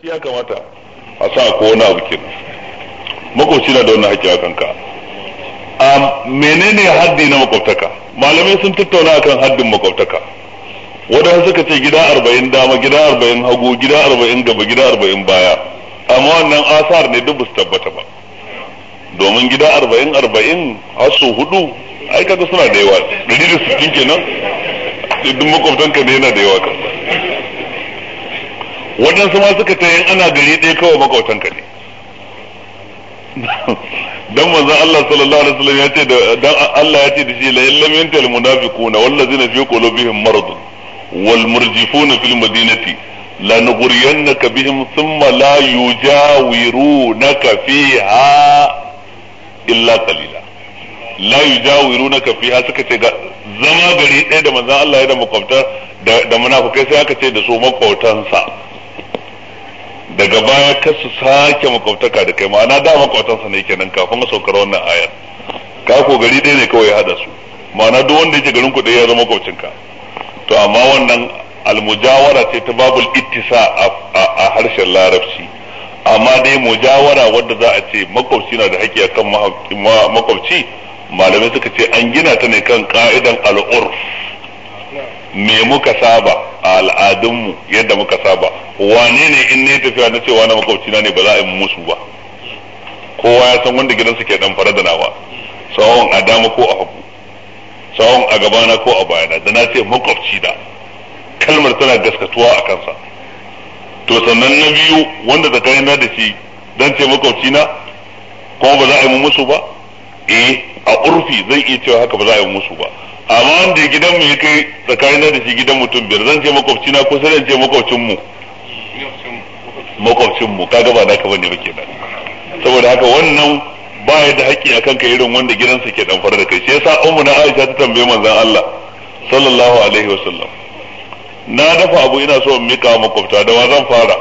ganganci ya kamata a sa ko wani abu kenan makwabci na da wani haƙƙi a kanka a menene haddi na makwabtaka malamai sun tattauna akan haddin makwabtaka wadanda suka ce gida arba'in dama gida arba'in hagu gida arba'in gaba gida arba'in baya amma wannan asar ne duk su tabbata ba domin gida arba'in arba'in haso hudu ai kaga suna da yawa ɗari da sittin kenan duk makwabtanka ne yana da yawa kansa waɗansu ma suka ce in ana gari ɗaya kawai makwautan ka ne dan manzon Allah sallallahu alaihi wasallam ya ce dan Allah ya ce da shi la illam yantal munafiquna wallazina fi qulubihim marad wal murjifuna fil madinati la nughriyannaka bihim thumma la yujawirunaka fiha illa qalila la yujawirunaka fiha suka ce zama gari ɗaya da manzon Allah ya da makwabta da munafikai sai aka ce da su makwautansa daga baya ka su sake makwabtaka da kai ma'ana da makwabtansa ne kenan kafin a saukar wannan ayar ka ko gari dai ne kawai ya hada su ma'ana duk wanda yake garin ku ɗaya ya zama to amma wannan almujawara ce ta babul ittisa a harshen larabci amma dai mujawara wadda za a ce makwabci na da haƙƙi akan makwabci malamai suka ce an gina ta ne kan ka'idan al'urf me muka saba a al'adunmu yadda muka saba wane ne in ne tafiya na cewa na makwabcina ne ba za a yi musu ba kowa ya san wanda gidansu ke dan fara da nawa sawon a dama ko a hagu sawon a gabana ko a bayana da na ce makwabci da kalmar tana gaskatuwa a kansa to sannan na biyu wanda tsakanin da shi dan ce makwabci na kuma ba za a yi musu ba eh a urfi zai iya cewa haka ba za a yi musu ba amma wanda gidan mu ya kai tsakanin da shi gidan mutum biyar zan ce makwabci na ko sai ce makwabcin mu makwabcin mu kaga ba ne bane ba kenan saboda haka wannan ba ya da haƙƙi akan ka irin wanda gidansa ke dan da kai shi yasa ummu na Aisha ta tambaye manzon Allah sallallahu alaihi wasallam na dafa abu ina so in mika makwabta da wa zan fara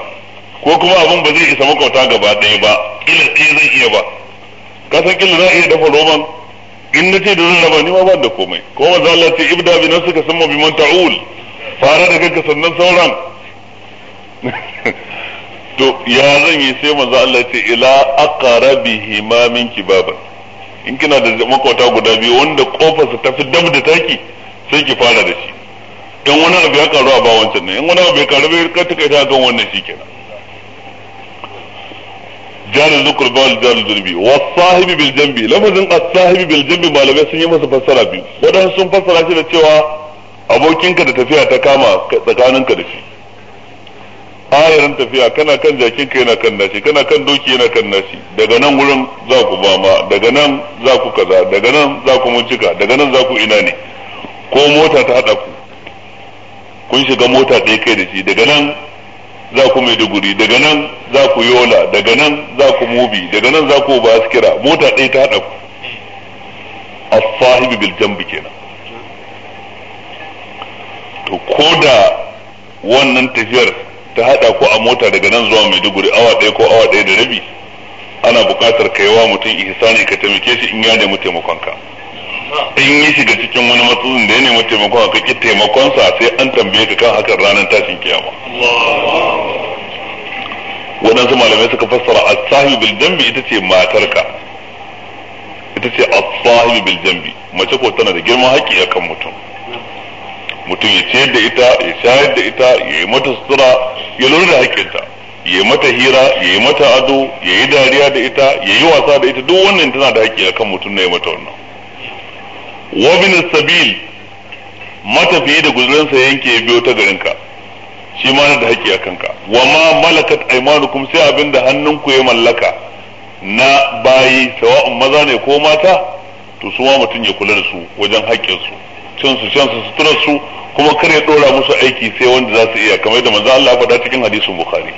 ko kuma abin ba zai isa makwabta gaba ɗaya ba kila ɗaya zai iya ba kasan kila za iya dafa roman in na ce da zan raba ni ma ba da komai ko ba za ce ibda bi ka summa bi man ta'ul fara da kanka sannan sauran to ya zan yi sai manzo Allah ce ila aqrabihi ma min baban in kina da makota guda biyu wanda kofar su tafi dab da taki sai ki fara da shi dan wani abu ya karu a ba wancan ne in wani abu ya karu bai ka ta kai ta ga wannan shikenan jalil zukur bawal jalil zunubi wa sahibi bil jambi lafazin as-sahibi bil jambi malamai sun yi masa fassara biyu wadansu sun fassara shi da cewa abokinka da tafiya ta kama tsakanin ka da shi ayarin tafiya kana kan jakinka yana kan nashi kana kan doki yana kan nashi daga nan wurin za ku bama daga nan za ku kaza daga nan za ku muncika daga nan za ku ina ne ko mota ta haɗa ku kun shiga mota ɗaya kai da shi daga nan za ku maiduguri daga nan za ku yola daga nan za ku mubi daga nan za ku Kira mota ɗaya ta haɗa ku a sahibi bil jambi kenan to ko da wannan tafiyar ta haɗa ku a mota daga nan zuwa mai duguri awa ɗaya ko awa ɗaya da rabi ana buƙatar ka yi wa mutum ihsani ka taimake shi in ya nemi taimakonka in yi shiga cikin wani matsalin da ya nemi taimakon ka ki taimakonsa sai an tambaye ka kan hakan ranar tashin kiyama waɗansu malamai suka fassara Asahi sahibi bil jambi ita ce matarka ita ce Asahi sahibi bil jambi mace ko tana da girman haƙƙi kan mutum mutum ya ciyar da ita ya shayar da ita ya yi mata sutura ya lura da haƙƙinta ya yi mata hira ya yi mata ado ya yi dariya da ita ya yi wasa da ita duk wannan tana da haƙƙi a kan mutum na ya mata wannan wa bin sabil matafiye da guzurinsa yanke biyo ta garinka shi ma da haƙƙi a kanka wa ma malakat aymanukum sai abin da hannunku ya mallaka na bayi sawa'un maza ne ko mata to su ma mutum ya kula da su wajen haƙƙin su cin su shan su suturar su kuma kar ya dora musu aiki sai wanda za su iya kamar yadda manzo Allah faɗa cikin hadisin bukhari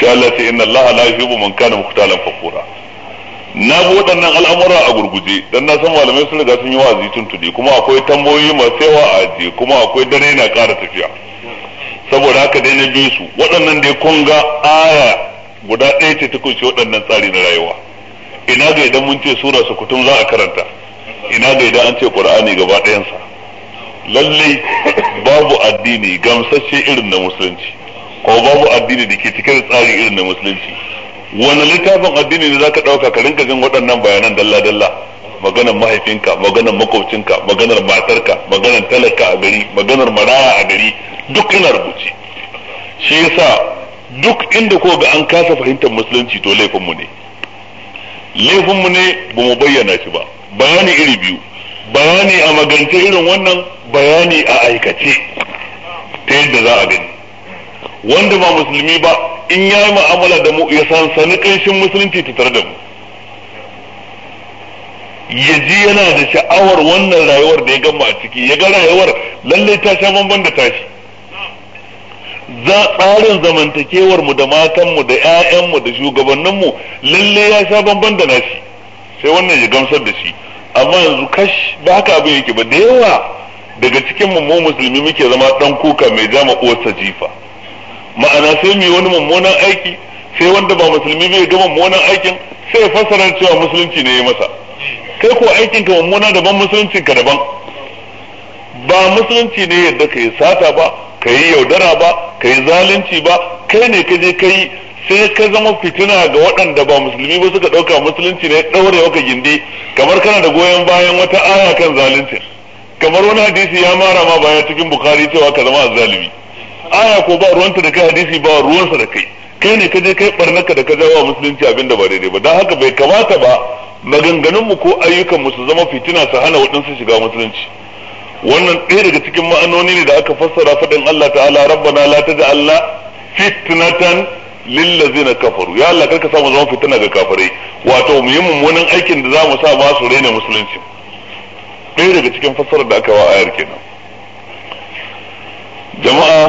sai Allah sai inna Allah la yuhibbu man kana mukhtalan fakura na bi waɗannan al'amura a gurguje dan na san malamai sun riga sun yi wa'azi tuntuni kuma akwai tambayoyi masu yawa a ajiye kuma akwai dare na ƙara tafiya saboda haka dai na biyu su waɗannan da ya kunga aya guda ɗaya ce ta kunshi waɗannan tsari na rayuwa ina ga idan mun ce sura su kutum za a karanta ina ga idan an ce ƙur'ani gaba ɗayansa lalle babu addini gamsasshe irin na musulunci ko babu addini da ke cike da tsari irin na musulunci wani littafin addini ne za ka ɗauka ka rinka jin waɗannan bayanan dalla-dalla maganar mahaifinka maganar makwabcinka maganar matarka maganar talaka a gari maganar maraya a gari duk ina rubuce shi yasa duk inda ko ga an kasa fahimtar musulunci to laifinmu ne laifinmu ne ba mu bayyana shi ba bayani iri biyu bayani a magance irin wannan bayani a aikace ta yadda za a gani wanda ba musulmi ba in ya yi mu'amala da mu ya sansani ƙanshin musulunci tare da mu ya ji yana da sha'awar wannan rayuwar da ya gama a ciki ya ga rayuwar lallai ta sha bamban da tashi za tsarin zamantakewar mu da matan mu da ƴaƴan mu da shugabannin mu lallai ya sha bamban da nashi sai wannan ya gamsar da shi amma yanzu kash ba haka abin yake ba da yawa daga cikin mu mu musulmi muke zama dan kuka mai jama uwarsa jifa ma'ana sai mu yi wani mummunan aiki sai wanda ba musulmi bai ga mummunan aikin sai fasarar cewa musulunci ne ya masa kai ko aikin ka mummuna daban musuluncin ka daban ba musulunci ne yadda kai sata ba kai yaudara ba kai zalunci ba kai ne ka je kai sai ka zama fitina ga waɗanda ba musulmi ba suka ɗauka musulunci ne ɗaure maka gindi kamar kana da goyon bayan wata aya kan zalunci kamar wani hadisi ya mara ma bayan cikin bukari cewa ka zama zalumi aya ko ba ruwanta da kai hadisi ba ruwansa da kai kai ne ka je kai barnaka da ka jawo musulunci abin da ba daidai ba don haka bai kamata ba maganganun mu ko ayyukan mu su zama fitina su hana waɗansu shiga musulunci wannan ɗaya daga cikin ma'anoni ne da aka fassara faɗin Allah ta'ala rabbana la taj'alna fitnatan lillazina kafaru ya Allah karka mu zama fitina ga kafirai wato mu yi mummunan aikin da zamu sa masu su raina musulunci ɗaya daga cikin fassarar da aka wa ayar kenan jama'a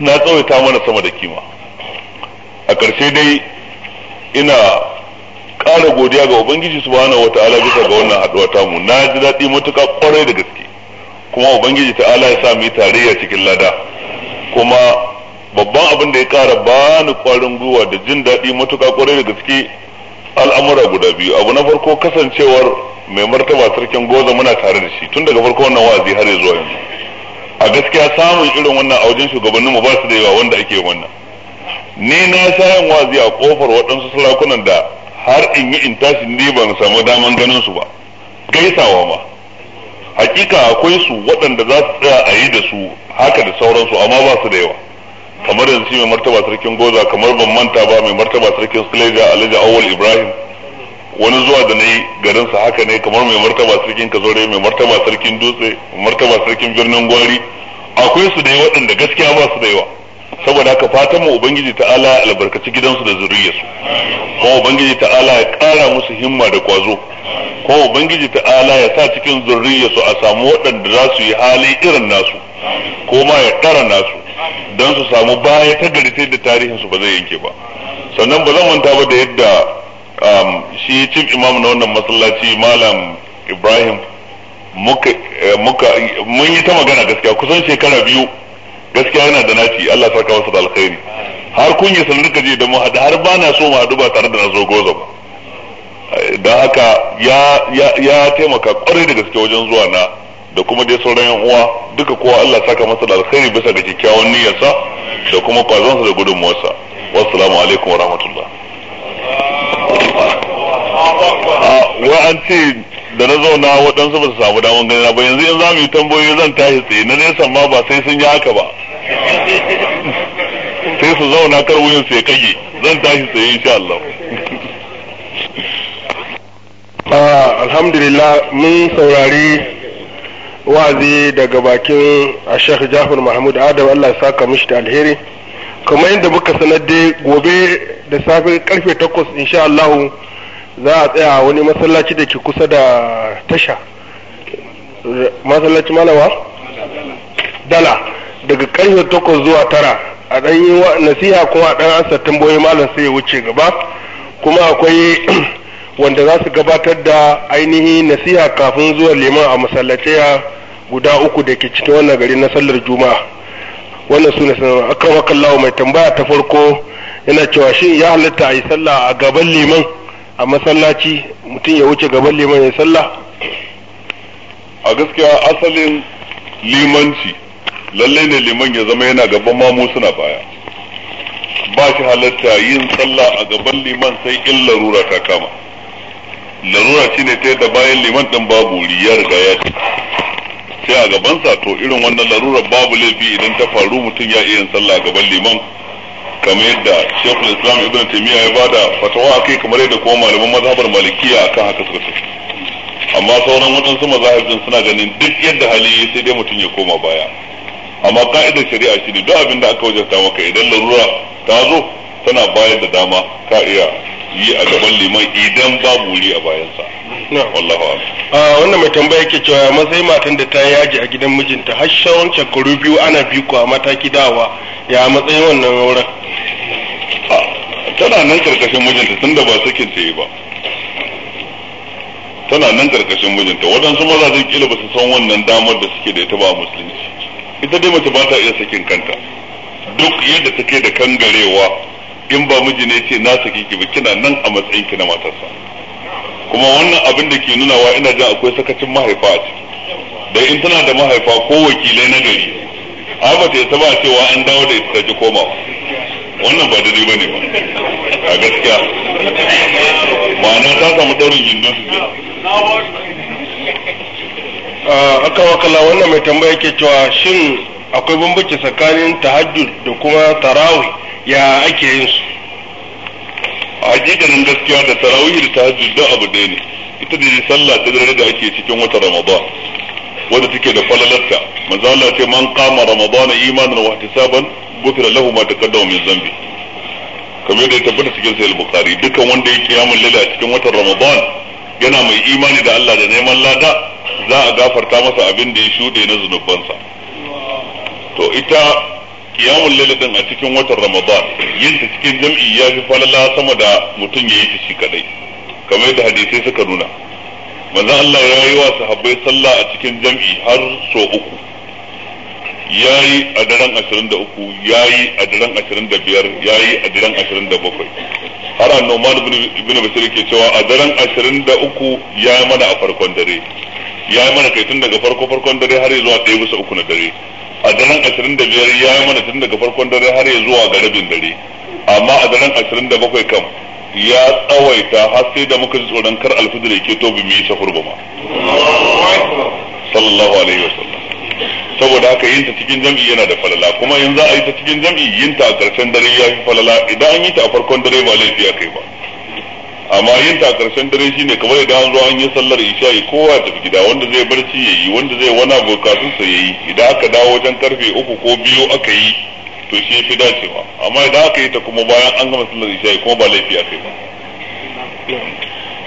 na tsawaita mana sama da kima a ƙarshe dai ina ƙara godiya ga ubangiji subhanahu wataala bisa ga wannan haɗuwa mu na ji daɗi matuƙa ƙwarai da gaske kuma ubangiji ta'ala ya sa mu yi tarayya cikin lada kuma babban abin da ya ƙara ba ni ƙwarin gwiwa da jin daɗi matuƙa ƙwarai da gaske al'amura guda biyu abu na farko kasancewar mai martaba sarkin goza muna tare da shi tun daga farko wannan wa'azi har ya zuwa yanzu a gaskiya samun irin wannan a wajen shugabanninmu ba su da yawa wanda ake wannan ni na sa yin wazi a kofar waɗansu sarakunan da har in yi in tashi ni ban samu daman ganin su ba gaisawa ma hakika akwai su waɗanda za su tsaya a yi da su haka da sauransu amma ba su da yawa kamar yanzu mai martaba sarkin goza kamar ban manta ba mai martaba sarkin sulaija alhaji awal ibrahim wani zuwa da na yi garinsa haka ne kamar mai martaba sarkin kazore mai martaba sarkin dutse martaba sarkin birnin gwari akwai su da yawa waɗanda gaskiya ba su da yawa saboda haka fatan mu ubangiji ta'ala ya albarkaci gidansu da zuriyarsu kuma ubangiji ta'ala ya kara musu himma da kwazo kuma ubangiji ta'ala ya sa cikin zuriyarsu a samu waɗanda za su yi hali irin nasu ko ma ya kara nasu don su samu baya ta gari sai da tarihin su ba zai yanke ba sannan ba zan manta ba da yadda um, shi chief imam na wannan masallaci malam ibrahim muka eh, mun yi ta magana gaskiya kusan shekara biyu gaskiya yana da naci Allah saka masa da alkhairi har kun yi sanin kaje da mu hada har bana so mu hadu ba tare da na zo goza ba dan haka ya ya taimaka kwarai da gaske wajen zuwa na da kuma dai sauran yan uwa duka kowa Allah saka masa da alkhairi bisa ga kyakkyawan niyyarsa da kuma kwazonsa da gudunmuwarsa wassalamu alaikum wa rahmatullah wa an ce da na zauna waɗansu ba su samu damar gani ba yanzu in za mu yi tambayoyi zan tashi tsaye na nesa ma ba sai sun yi haka ba sai su zauna kar wuyan su ya kage zan tashi tsaye insha Allah ah, alhamdulillah mun saurari wazi daga bakin ah, Sheikh Jafar Mahmud Adam Allah ya saka mishi da alheri kamar yadda muka sanar da gobe da safe karfe 8 insha Allah za a tsaya wani masallaci da ke kusa da tasha masallaci malawa dala daga karfe takwas zuwa tara a ɗan yi nasiha kuma a ɗan ansa tambayoyi malam sai ya wuce gaba kuma akwai wanda za su gabatar da ainihi nasiha kafin zuwa liman a masallaciya guda uku da ke cikin wannan gari na sallar juma'a wannan su ne sanarwa akan wakallawa mai tambaya ta farko yana cewa shin ya halitta a yi sallah a gaban liman a masallaci mutum ya wuce gaban liman ya sallah a gaskiya asalin limanci lalle ne liman ya zama yana gaban mamu suna baya ba shi halatta yin sallah a gaban liman sai in larura ta kama larura shine ta yadda bayan liman ɗin babu ya riga ya ce sai a gabansa to irin wannan larura babu laifi idan ta faru mutum ya iya yin sallah a gaban liman kamar yadda shekul islam ibn taimiyya ya bada fatawa a kai kamar yadda kuma malaman mazhabar malikiya kan haka suka tafi amma sauran waɗansu mazahibin suna ganin duk yadda hali sai dai mutum ya koma baya amma ka'idar shari'a shi ne duk abin da aka wajarta maka idan larura ta zo tana bayar da dama ka iya yi a gaban liman idan babu wuri a bayansa wallahu a wannan mai tambaya yake cewa sai matan da ta yaji a gidan mijinta har shawon shekaru biyu ana bi ku a mataki dawa ya matsayin wannan auren tana nan karkashin mijinta tunda ba sakin ta yi ba tana nan karkashin mijinta waɗansu zai kila ba su san wannan damar da suke da ita ba musulunci ita dai mace ba ta iya sakin kanta duk yadda take da kangarewa in ba miji ne ce na saki ki ba kina nan a matsayin ki na matarsa kuma wannan abin da ke nunawa ina jin akwai sakacin mahaifa a ciki dai in tana da mahaifa ko wakilai na gari a ba ta isa ba cewa an dawo da ita ta ji komawa wannan ba daidai ba ne ba a gaskiya ma'ana ta samu daurin gindin su haka wakala wannan mai tambaya ke cewa shin akwai bambanci tsakanin tahajjud da kuma tarawih ya ake yin su a hakikanin gaskiya da tarawih da tahajjud da abu ɗaya ne ita da sallah ta dare da ake cikin wata ramadan wanda take da falalarta manzo Allah ce man qama ramadan imanan wa ihtisaban gufira lahu ma taqaddama min zambi kamar da ya tabbata cikin sahih bukhari dukan wanda ya kiyamul laila cikin watan ramadan yana mai imani da Allah da neman lada za a gafarta masa abin da ya shuɗe na zunubansa to ita kiyamun lalatin a cikin watan ramadan yin ta cikin jam'i ya fi falala sama da mutum ya yi ta shi kadai kamar yadda hadisai suka nuna maza Allah ya yi wa sahabbai sallah a cikin jam'i har so uku ya yi a daren ashirin da uku ya yi a daren ashirin da biyar ya yi a daren ashirin da bakwai har annoman ibn bashir ke cewa a daren ashirin da uku ya mana a farkon dare ya yi mana kai tun daga farko farkon dare har zuwa ɗaya bisa uku na dare a daren ashirin da biyar ya yi mana tun daga farkon dare har zuwa ga rabin dare amma a daren ashirin da bakwai kam ya tsawaita har sai da muka ji tsoron kar alfijir ya ke tobi mu yi shakur ba ma sallallahu alaihi sallam. saboda haka yin ta cikin jam'i yana da falala kuma in za a yi ta cikin jam'i yin ta a ƙarshen dare ya fi falala idan an yi ta a farkon dare ba laifi a kai ba amma yin ta karshen dare ne kamar idan zuwa an yi sallar isha'i kowa tafi gida wanda zai barci ya yi wanda zai wani abu kafin sa ya yi idan aka dawo wajen karfe uku ko biyu aka yi to shi fi dacewa amma idan aka yi ta kuma bayan an gama sallar yi kuma ba laifi aka yi ba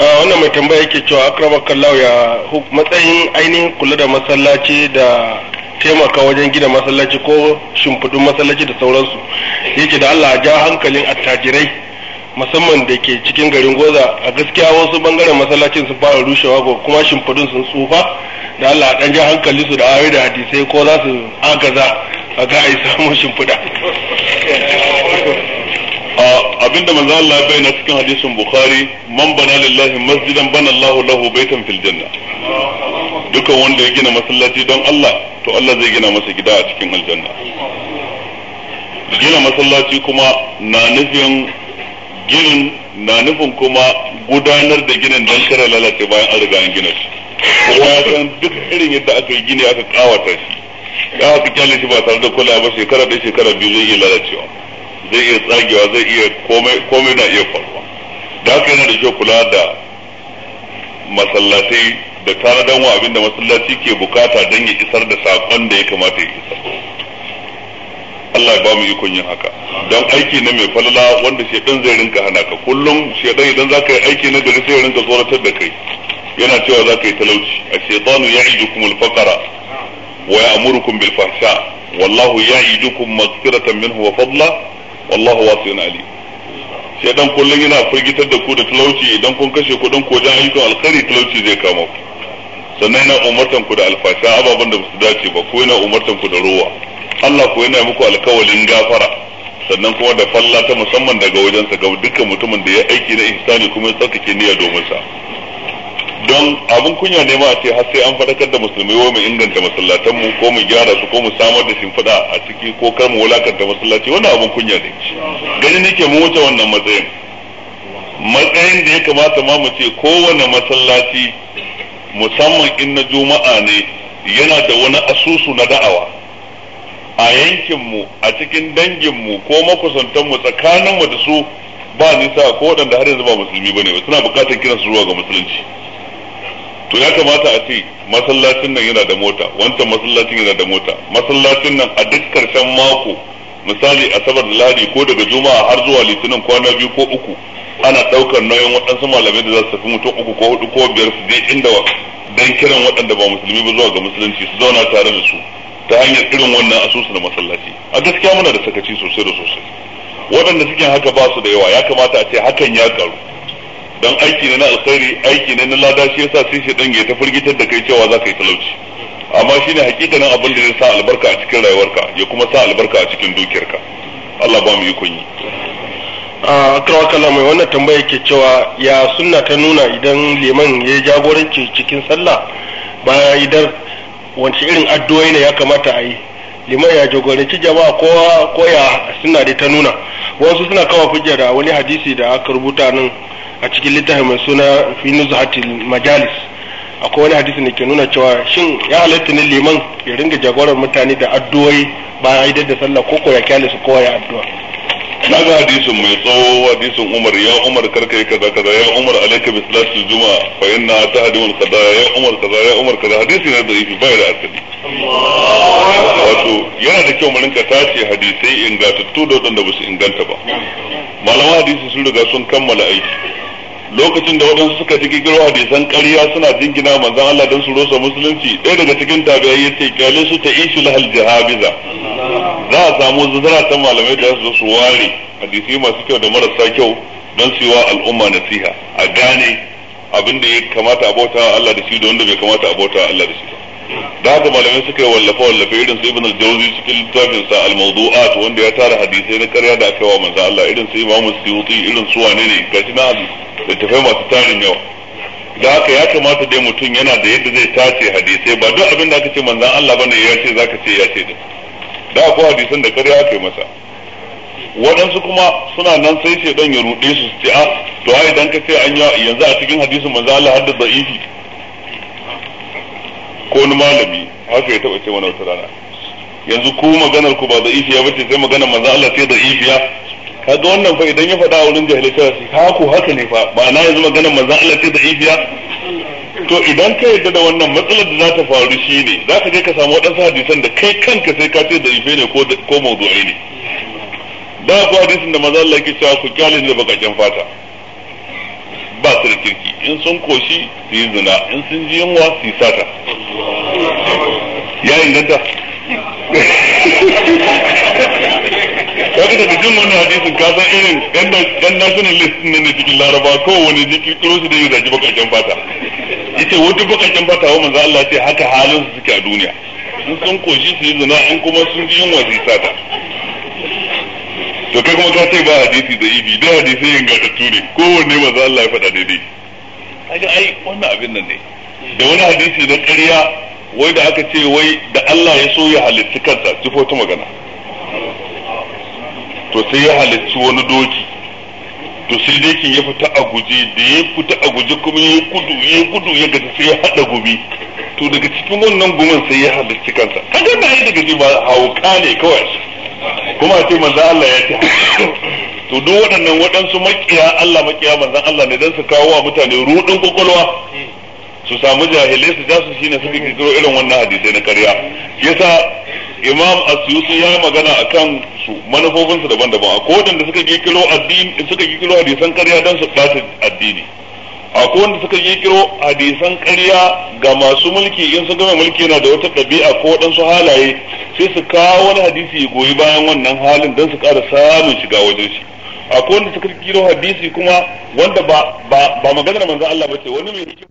a wannan mai tambaya yake cewa akraba kallau ya matsayin ainihin kula da masallaci da taimaka wajen gina masallaci ko shimfiɗin masallaci da sauransu yake da Allah ja hankalin attajirai musamman da ke cikin garin goza a gaskiya wasu bangaren masallacin sun fara rushewa ko kuma shimfidun sun tsufa da Allah dan ja hankali su da ayoyi da hadisai ko za su agaza a ga ai samu shimfida abinda manzo Allah bai na cikin hadisin Bukhari man bana lillahi masjidan bana Allah lahu baitan fil janna dukan wanda ya gina masallaci don Allah to Allah zai gina masa gida a cikin aljanna gina masallaci kuma na nufin ginin na nufin kuma gudanar da ginin don kare lalace bayan an riga an gina shi kuma ya san duk irin yadda aka yi gini aka kawata shi ya aka kyale shi ba tare da kula ba shekara da shekara biyu zai iya lalacewa zai iya tsagewa zai iya komai na iya faruwa da haka yana da kyau kula da masallatai da tanadan wa abin da masallaci ke bukata don ya isar da sakon da ya kamata ya isar Allah ya ba mu ikon yin haka don aiki na mai falala wanda shedan zai rinka hana ka kullum shedan idan zaka yi aiki na gari sai rinka tsoratar da kai yana cewa zaka yi talauci a shaytanu ya'idukum al-faqra wa ya'murukum bil fahsha wallahu ya'idukum maghfiratan minhu wa fadla wallahu wasi'un alim shedan kullum yana firgitar da ku da talauci idan kun kashe kuɗin ko wajen ayyukan alkhairi talauci zai kama ku sannan yana umartan ku da alfasha ababen da su dace ba ko yana umartan ku da rowa Allah ko yana muku alkawalin gafara sannan kuma da falla ta musamman daga wajensa ga dukkan mutumin da ya aiki na ihsani kuma ya tsarkake niyya domin sa don abin kunya ne ma a ce har sai an faɗakar da musulmai wai mu inganta masallatan mu ko mu gyara su ko mu samar da shimfiɗa a ciki ko kar mu wulakanta masallaci wannan abin kunya ne gani nake mu wuce wannan matsayin matsayin da ya kamata ma mu ce kowane masallaci musamman in na juma'a ne yana da wani asusu na da'awa a yankinmu a cikin danginmu ko makusantanmu tsakaninmu da su ba nisa ko waɗanda har yanzu ba musulmi bane ba suna buƙatar kiransu zuwa ga musulunci to ya kamata a ce masallacin nan yana da mota wancan masallacin yana da mota masallacin nan a duk karshen mako misali asabar da lahadi ko daga juma'a har zuwa litinin kwana biyu ko uku ana ɗaukar nauyin waɗansu malamai da za su tafi mutum uku ko hudu ko biyar su je inda dan kiran waɗanda ba musulmi ba zuwa ga musulunci su zauna tare da su ta hanyar irin wannan asusu na masallaci a gaskiya muna da sakaci sosai da sosai waɗanda suke haka ba su da yawa ya kamata a ce hakan ya karu don aiki na alkhairi aiki ne na lada shi yasa sai shi dan ya ta firgitar da kai cewa za ka yi talauci amma shine hakikanin abin da zai sa albarka a cikin rayuwarka ya kuma sa albarka a cikin dukiyarka Allah ba mu yi kunyi a kala mai wannan tambaya ke cewa ya sunna ta nuna idan liman ya jagoranci cikin sallah baya idan. wance irin addu'o'i ne ya kamata a yi liman ya jagoranci jama'a kowa ko ya suna da ta nuna wasu suna kawo fujja da wani hadisi da aka rubuta nan a cikin littafin mai suna fi nuzhatil majalis akwai wani hadisi da ke nuna cewa shin ya halatta ne liman ya ringa jagorar mutane da addu'o'i bayan aidar da sallah ko ko ya kyale su kowa ya addu'a Na ga hadisin mai tsawo hadisin Umar ya Umar karkai kaza kaza ya Umar alayka bi salatil juma'a fa inna tahdimul qadaya ya Umar kaza ya Umar kaza hadisi ne da yake bai da asali wato yana da kyau mu rinka tace hadisai ingantattu da wadanda ba su inganta ba malama hadisi sun riga sun kammala aiki lokacin da waɗansu suka ji gigiro hadisan ƙarya suna jingina manzon Allah don su rosa musulunci ɗaya daga cikin ya ce kyale su ta ishi lahal jahabiza za a samu zuzara ta malamai da su su ware hadisi masu kyau da marasa kyau don su yi wa al'umma nasiha a gane abin da ya kamata a bauta Allah da shi da wanda bai kamata a bauta Allah da shi da haka malamai suka yi wallafa wallafa irin su ibn al-jawzi cikin littafin sa al-mawdu'at wanda ya tara hadisai na karya da aka yi wa manzo Allah irin su imamu suyuti irin su wane ne gashi na tafai masu tarin yawa da haka ya kamata dai mutum yana da yadda zai tace hadisai ba duk abin da aka ce manzo Allah bane ya ce zaka ce ya ce din da akwai hadisan da karya aka yi masa waɗansu kuma suna nan sai shaidan ya ruɗe su su ce a ah, to ai idan ka ce an yi yanzu a cikin hadisin manzo Allah hadda da'ifi ko wani malami haka ya taba ce wani wata rana yanzu ko maganar ku ba da ifiya bace sai maganar manzo Allah sai da ifiya kaga wannan fa idan ya faɗa wurin jahilai sai su ha ku haka ne fa ba na yanzu maganar maza Allah sai da ifiya to idan ka yarda da wannan matsalar da za ta faru shi ne za ka je ka samu waɗansu hadisan da kai kanka sai ka ce da ife ne ko ko mawdu'i ne da ku hadisin da maza Allah yake cewa ku kyale ne da bakakken fata ba su da kirki in sun koshi su yi zina in sun ji yunwa su yi sata ya inganta kaga daga jin wannan hadisin ka san irin yan national list ne ne cikin laraba kowane jiki tsoro shi da yi zaji bakakken fata yace wata bakakken fata wa manzo Allah ce haka halin su suke a duniya in sun koshi su yi zina in kuma sun ji yunwa su yi sata to kai kuma ka ce ba hadisi da ibi da hadisi ingantattu ne kowanne za Allah ya faɗa daidai kaga ai wannan abin nan ne da wani hadisi na ƙarya wai da aka ce wai da Allah ya so ya halitta kansa jifo ta magana to sai ya halitta wani doki to sai dokin ya fita a guje da ya fita a guje kuma ya gudu ya gudu ya gaji sai ya hada gumi to daga cikin wannan gumin sai ya halitta kansa kaga na yi daga ji ba hauka ne kawai kuma ce manzan Allah ya ce to duk waɗannan waɗansu makiya Allah makiya manzan Allah ne don su kawo wa mutane rudin kwakwalwa su samu jahilai su jasu ne suka kiro irin wannan hadisai na karya yasa imam asyuti ya yi magana a kan su manufofinsu daban-daban a kodin da suka kiro hadisan karya don su ɓata addini akwai wanda suka yi kiro hadisan karya ga masu mulki in sun gama mulki yana da wata ɗabi'a ko waɗansu halaye sai su kawo wani hadisi ya goyi bayan wannan halin don su ƙara samun shiga wajen shi akwai wanda suka kiro hadisi kuma wanda ba magana maganar Allah ba ce wani mai